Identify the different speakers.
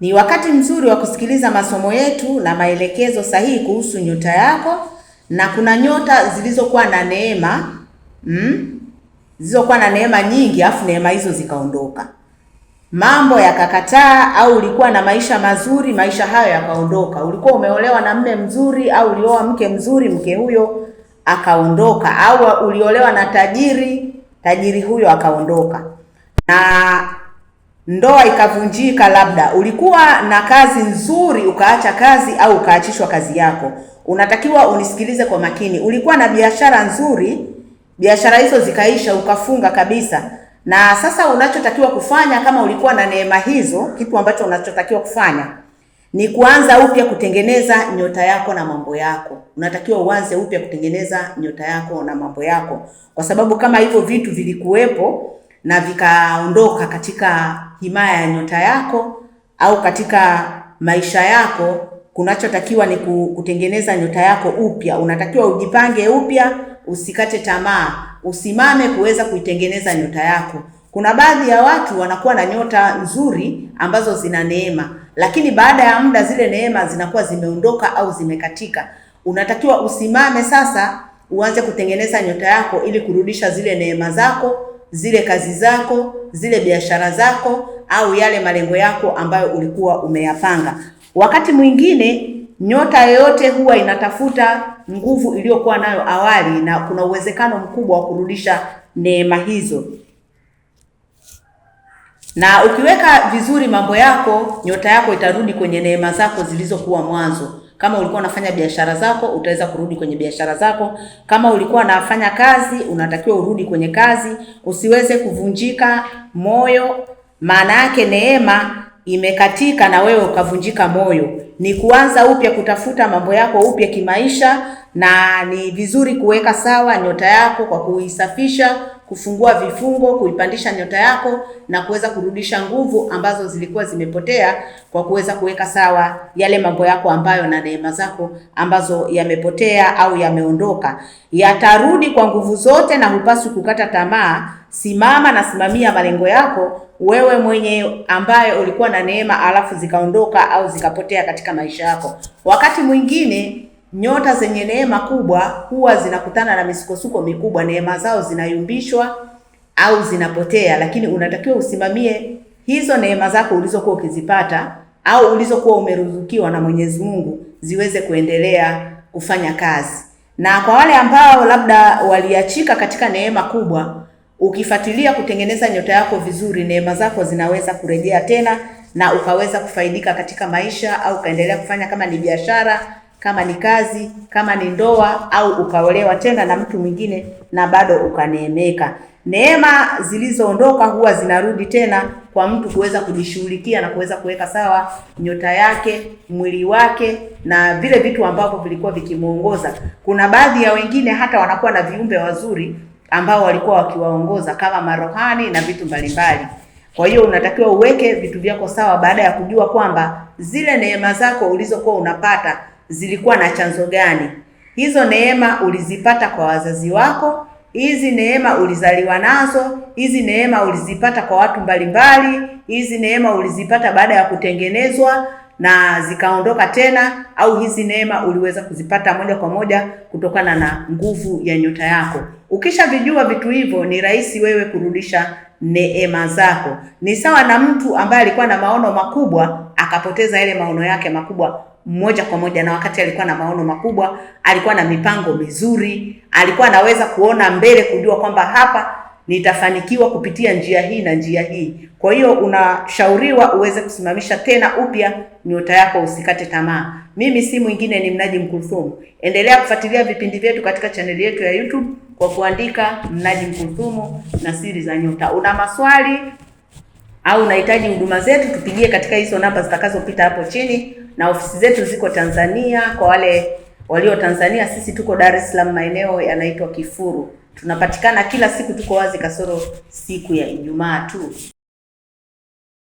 Speaker 1: Ni wakati mzuri wa kusikiliza masomo yetu na maelekezo sahihi kuhusu nyota yako, na kuna nyota zilizokuwa na neema mm, zilizokuwa na neema nyingi, afu neema hizo zikaondoka, mambo yakakataa, au ulikuwa na maisha mazuri, maisha hayo yakaondoka. Ulikuwa umeolewa na mme mzuri, au ulioa mke mzuri, mke huyo akaondoka, au uliolewa na tajiri, tajiri huyo akaondoka na ndoa ikavunjika, labda ulikuwa na kazi nzuri ukaacha kazi au ukaachishwa kazi yako, unatakiwa unisikilize kwa makini. Ulikuwa na biashara nzuri, biashara hizo zikaisha, ukafunga kabisa, na sasa unachotakiwa kufanya kama ulikuwa na neema hizo, kitu ambacho unachotakiwa kufanya ni kuanza upya kutengeneza nyota yako na mambo yako. Unatakiwa uanze upya kutengeneza nyota yako na mambo yako, kwa sababu kama hivyo vitu vilikuwepo na vikaondoka katika himaya ya nyota yako au katika maisha yako, kunachotakiwa ni kutengeneza nyota yako upya. Unatakiwa ujipange upya, usikate tamaa, usimame kuweza kuitengeneza nyota yako. Kuna baadhi ya watu wanakuwa na nyota nzuri ambazo zina neema, lakini baada ya muda zile neema zinakuwa zimeondoka au zimekatika. Unatakiwa usimame sasa, uanze kutengeneza nyota yako ili kurudisha zile neema zako zile kazi zako, zile biashara zako, au yale malengo yako ambayo ulikuwa umeyapanga. Wakati mwingine nyota yoyote huwa inatafuta nguvu iliyokuwa nayo awali, na kuna uwezekano mkubwa wa kurudisha neema hizo. Na ukiweka vizuri mambo yako, nyota yako itarudi kwenye neema zako zilizokuwa mwanzo. Kama ulikuwa unafanya biashara zako, utaweza kurudi kwenye biashara zako. Kama ulikuwa unafanya kazi, unatakiwa urudi kwenye kazi, usiweze kuvunjika moyo. Maana yake neema imekatika na wewe ukavunjika moyo, ni kuanza upya, kutafuta mambo yako upya kimaisha, na ni vizuri kuweka sawa nyota yako kwa kuisafisha kufungua vifungo, kuipandisha nyota yako na kuweza kurudisha nguvu ambazo zilikuwa zimepotea kwa kuweza kuweka sawa yale mambo yako ambayo na neema zako ambazo yamepotea au yameondoka, yatarudi kwa nguvu zote na hupaswi kukata tamaa. Simama na simamia malengo yako wewe mwenye ambaye ulikuwa na neema alafu zikaondoka au zikapotea katika maisha yako. Wakati mwingine Nyota zenye neema kubwa huwa zinakutana na misukosuko mikubwa, neema zao zinayumbishwa au zinapotea, lakini unatakiwa usimamie hizo neema zako ulizokuwa ukizipata au ulizokuwa umeruzukiwa na Mwenyezi Mungu ziweze kuendelea kufanya kazi. Na kwa wale ambao labda waliachika katika neema kubwa, ukifuatilia kutengeneza nyota yako vizuri, neema zako zinaweza kurejea tena na ukaweza kufaidika katika maisha au ukaendelea kufanya kama ni biashara kama ni kazi, kama ni ndoa, au ukaolewa tena na mtu mwingine na bado ukaneemeka. Neema zilizoondoka huwa zinarudi tena kwa mtu kuweza kujishughulikia na kuweza kuweka sawa nyota yake, mwili wake na vile vitu ambavyo vilikuwa vikimuongoza. Kuna baadhi ya wengine hata wanakuwa na viumbe wazuri ambao walikuwa wakiwaongoza kama marohani na vitu mbalimbali. Kwa hiyo unatakiwa uweke vitu vyako sawa baada ya kujua kwamba zile neema zako ulizokuwa unapata zilikuwa na chanzo gani? Hizo neema ulizipata kwa wazazi wako, hizi neema ulizaliwa nazo, hizi neema ulizipata kwa watu mbalimbali, hizi neema ulizipata baada ya kutengenezwa na zikaondoka tena, au hizi neema uliweza kuzipata moja kwa moja kutokana na nguvu ya nyota yako. Ukishavijua vitu hivyo, ni rahisi wewe kurudisha neema zako. Ni sawa na mtu ambaye alikuwa na maono makubwa akapoteza yale maono yake makubwa moja kwa moja, na wakati alikuwa na maono makubwa, alikuwa na mipango mizuri, alikuwa anaweza kuona mbele, kujua kwamba hapa nitafanikiwa kupitia njia hii na njia hii. Kwa hiyo unashauriwa uweze kusimamisha tena upya nyota yako, usikate tamaa. Mimi si mwingine, ni Mnaji Mkulthum. Endelea kufuatilia vipindi vyetu katika chaneli yetu ya YouTube kwa kuandika Mnaji Mkulthum na siri za nyota. Una maswali au unahitaji huduma zetu, tupigie katika hizo namba zitakazopita hapo chini na ofisi zetu ziko Tanzania. Kwa wale walio Tanzania, sisi tuko Dar es Salaam, maeneo yanaitwa Kifuru. Tunapatikana kila siku, tuko wazi kasoro siku ya Ijumaa tu.